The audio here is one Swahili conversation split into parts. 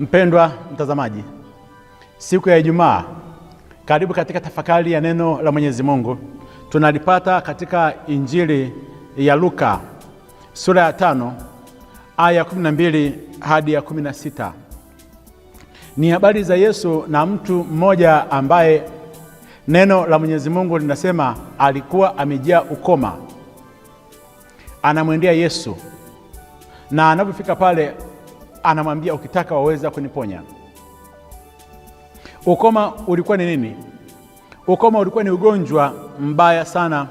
Mpendwa mtazamaji, siku ya Ijumaa, karibu katika tafakari ya neno la Mwenyezi Mungu. Tunalipata katika Injili ya Luka sura ya tano aya ya kumi na mbili hadi ya kumi na sita. Ni habari za Yesu na mtu mmoja ambaye neno la Mwenyezi Mungu linasema alikuwa amejaa ukoma. Anamwendea Yesu na anapofika pale anamwambia ukitaka waweza kuniponya. Ukoma ulikuwa ni nini? Ukoma ulikuwa ni ugonjwa mbaya sana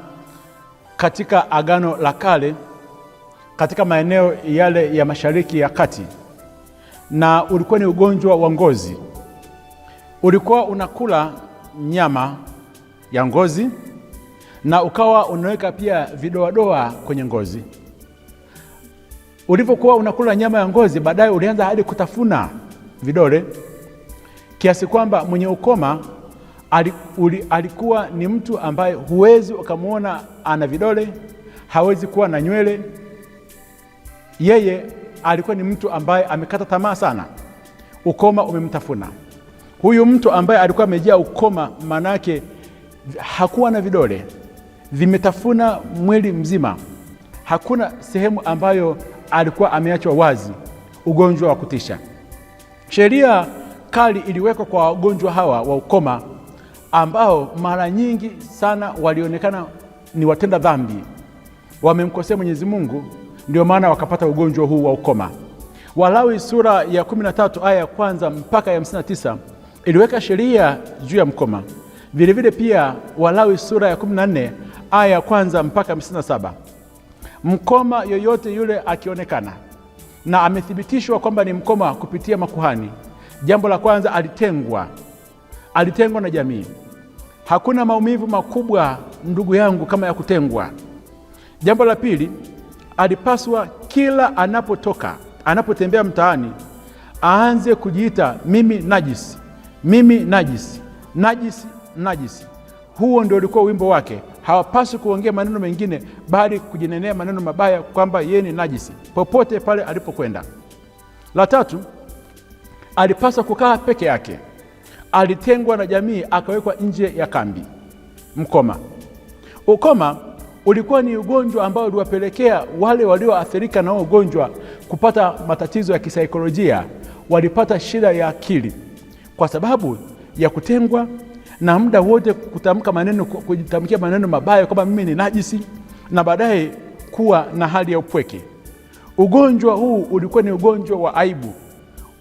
katika Agano la Kale, katika maeneo yale ya Mashariki ya Kati, na ulikuwa ni ugonjwa wa ngozi. Ulikuwa unakula nyama ya ngozi na ukawa unaweka pia vidoadoa kwenye ngozi. Ulivyokuwa unakula nyama ya ngozi, baadaye ulianza hadi kutafuna vidole, kiasi kwamba mwenye ukoma alikuwa ni mtu ambaye huwezi ukamwona ana vidole, hawezi kuwa na nywele. Yeye alikuwa ni mtu ambaye amekata tamaa sana, ukoma umemtafuna. Huyu mtu ambaye alikuwa amejaa ukoma, manake hakuwa na vidole, vimetafuna mwili mzima, hakuna sehemu ambayo alikuwa ameachwa wazi ugonjwa wa kutisha. Sheria kali iliwekwa kwa wagonjwa hawa wa ukoma ambao mara nyingi sana walionekana ni watenda dhambi, wamemkosea Mwenyezi Mungu, ndio maana wakapata ugonjwa huu wa ukoma. Walawi sura ya 13 aya ya kwanza mpaka ya 59 iliweka sheria juu ya mkoma. Vilevile pia Walawi sura ya 14 aya ya kwanza mpaka 57 Mkoma yoyote yule akionekana na amethibitishwa kwamba ni mkoma kupitia makuhani, jambo la kwanza, alitengwa, alitengwa na jamii. Hakuna maumivu makubwa ndugu yangu kama ya kutengwa. Jambo la pili, alipaswa kila anapotoka, anapotembea mtaani, aanze kujiita mimi najisi, mimi najisi, najisi, najisi. Huo ndio ulikuwa wimbo wake. Hawapaswi kuongea maneno mengine, bali kujinenea maneno mabaya kwamba yeye ni najisi popote pale alipokwenda. La tatu, alipaswa kukaa peke yake. Alitengwa na jamii, akawekwa nje ya kambi. Mkoma. Ukoma ulikuwa ni ugonjwa ambao uliwapelekea wale walioathirika na ugonjwa kupata matatizo ya kisaikolojia. Walipata shida ya akili kwa sababu ya kutengwa na muda wote kutamka maneno, kujitamkia maneno mabaya kwamba mimi ni najisi, na baadaye kuwa na hali ya upweke. Ugonjwa huu ulikuwa ni ugonjwa wa aibu,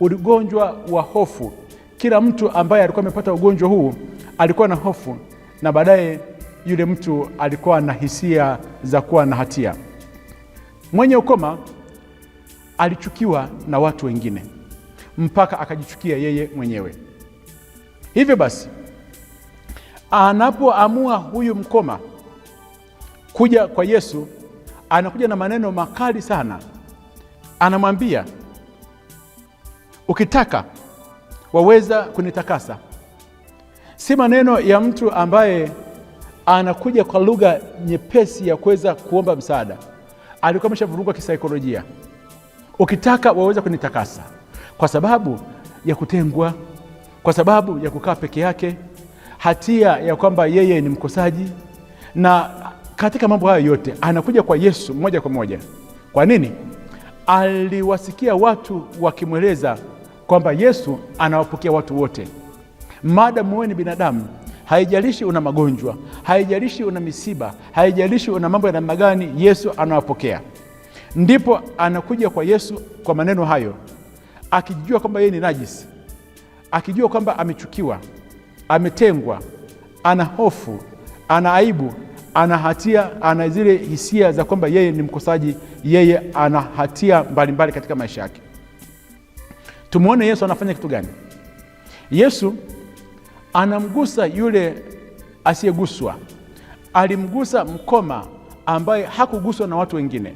ugonjwa wa hofu. Kila mtu ambaye alikuwa amepata ugonjwa huu alikuwa na hofu, na baadaye yule mtu alikuwa na hisia za kuwa na hatia. Mwenye ukoma alichukiwa na watu wengine mpaka akajichukia yeye mwenyewe. Hivyo basi Anapoamua huyu mkoma kuja kwa Yesu, anakuja na maneno makali sana, anamwambia ukitaka waweza kunitakasa. Si maneno ya mtu ambaye anakuja kwa lugha nyepesi ya kuweza kuomba msaada. Alikuwa ameshavurugwa kisaikolojia. Ukitaka waweza kunitakasa, kwa sababu ya kutengwa, kwa sababu ya kukaa peke yake hatia ya kwamba yeye ni mkosaji, na katika mambo hayo yote anakuja kwa Yesu moja kwa moja. Kwa nini? Aliwasikia watu wakimweleza kwamba Yesu anawapokea watu wote, maadamu wewe ni binadamu Haijalishi una magonjwa, haijalishi una misiba, haijalishi una mambo ya namna gani, Yesu anawapokea. Ndipo anakuja kwa Yesu kwa maneno hayo, akijua kwamba yeye ni najisi, akijua kwamba amechukiwa, ametengwa, ana hofu, ana aibu, ana hatia, ana zile hisia za kwamba yeye ni mkosaji, yeye ana hatia mbalimbali mbali katika maisha yake. Tumwone Yesu anafanya kitu gani? Yesu anamgusa yule asiyeguswa. Alimgusa mkoma ambaye hakuguswa na watu wengine.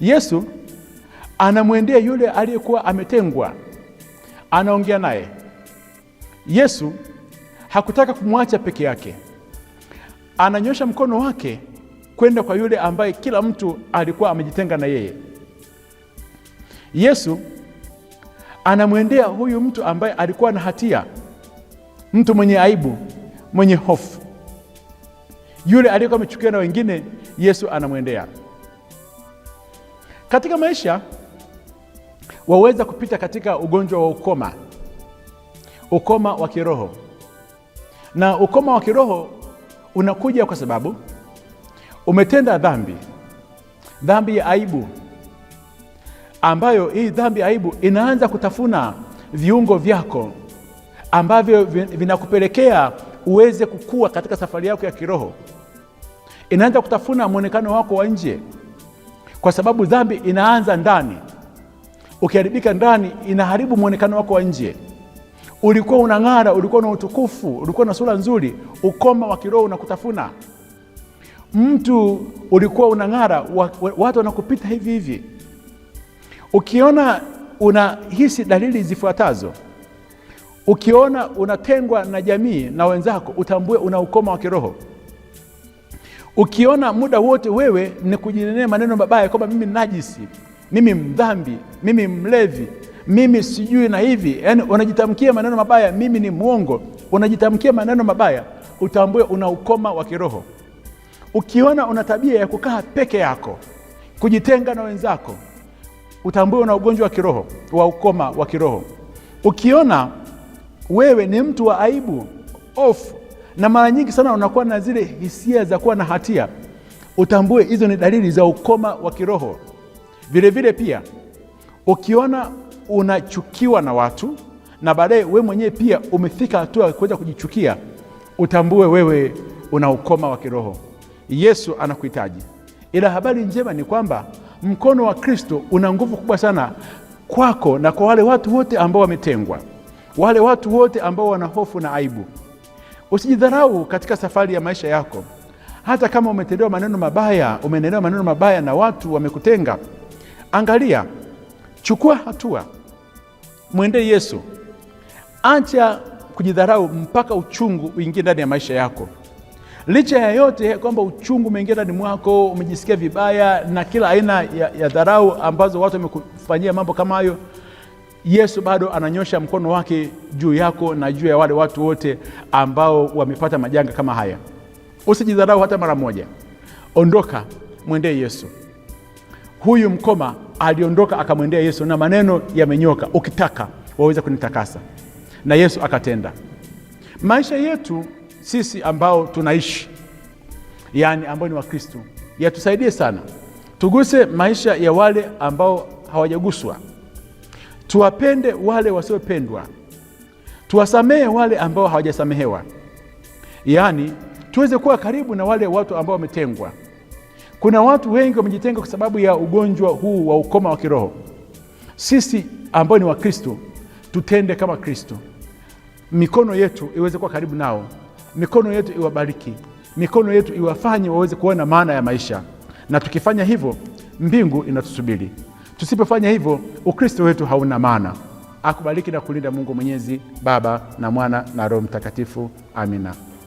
Yesu anamwendea yule aliyekuwa ametengwa, anaongea naye. Yesu Hakutaka kumwacha peke yake, ananyosha mkono wake kwenda kwa yule ambaye kila mtu alikuwa amejitenga na yeye. Yesu anamwendea huyu mtu ambaye alikuwa na hatia, mtu mwenye aibu, mwenye hofu, yule aliyekuwa amechukiwa na wengine. Yesu anamwendea. Katika maisha waweza kupita katika ugonjwa wa ukoma, ukoma wa kiroho. Na ukoma wa kiroho unakuja kwa sababu umetenda dhambi, dhambi ya aibu, ambayo hii dhambi ya aibu inaanza kutafuna viungo vyako ambavyo vinakupelekea uweze kukua katika safari yako ya kiroho. Inaanza kutafuna mwonekano wako wa nje, kwa sababu dhambi inaanza ndani. Ukiharibika ndani, inaharibu mwonekano wako wa nje ulikuwa unang'ara, ulikuwa na utukufu, ulikuwa na sura nzuri, ukoma wa kiroho unakutafuna mtu, ulikuwa unang'ara, watu wanakupita hivi hivi. Ukiona unahisi dalili zifuatazo, ukiona unatengwa na jamii na wenzako, utambue una ukoma wa kiroho. Ukiona muda wote wewe ni kujinenea maneno mabaya kwamba mimi najisi, mimi mdhambi, mimi mlevi mimi sijui na hivi, yani unajitamkia maneno mabaya, mimi ni mwongo, unajitamkia maneno mabaya, utambue una ukoma wa kiroho. Ukiona una tabia ya kukaa peke yako, kujitenga na wenzako, utambue una ugonjwa wa kiroho wa ukoma wa kiroho. Ukiona wewe ni mtu wa aibu ofu, na mara nyingi sana unakuwa na zile hisia za kuwa na hatia, utambue hizo ni dalili za ukoma wa kiroho. Vilevile pia ukiona unachukiwa na watu na baadaye we mwenyewe pia umefika hatua ya kuweza kujichukia, utambue wewe una ukoma wa kiroho. Yesu anakuhitaji, ila habari njema ni kwamba mkono wa Kristo una nguvu kubwa sana kwako na kwa wale watu wote ambao wametengwa, wale watu wote ambao wana hofu na aibu. Usijidharau katika safari ya maisha yako, hata kama umetendewa maneno mabaya, umenelewa maneno mabaya na watu wamekutenga, angalia Chukua hatua, mwende Yesu. Acha kujidharau mpaka uchungu uingie ndani ya maisha yako. Licha ya yote kwamba uchungu umeingia ndani mwako, umejisikia vibaya na kila aina ya, ya dharau ambazo watu wamekufanyia mambo kama hayo, Yesu bado ananyosha mkono wake juu yako na juu ya wale watu wote ambao wamepata majanga kama haya. Usijidharau hata mara moja, ondoka, mwendee Yesu. Huyu mkoma aliondoka akamwendea Yesu na maneno yamenyoka, ukitaka waweza kunitakasa, na Yesu akatenda. Maisha yetu sisi ambao tunaishi, yaani ambao ni Wakristo, yatusaidie sana, tuguse maisha ya wale ambao hawajaguswa, tuwapende wale wasiopendwa, tuwasamehe wale ambao hawajasamehewa, yaani tuweze kuwa karibu na wale watu ambao wametengwa. Kuna watu wengi wamejitenga kwa sababu ya ugonjwa huu wa ukoma wa kiroho. Sisi ambao ni Wakristo tutende kama Kristo, mikono yetu iweze kuwa karibu nao, mikono yetu iwabariki, mikono yetu iwafanye waweze kuona maana ya maisha, na tukifanya hivyo mbingu inatusubiri. Tusipofanya hivyo, Ukristo wetu hauna maana. Akubariki na kulinda Mungu Mwenyezi, Baba na Mwana na Roho Mtakatifu. Amina.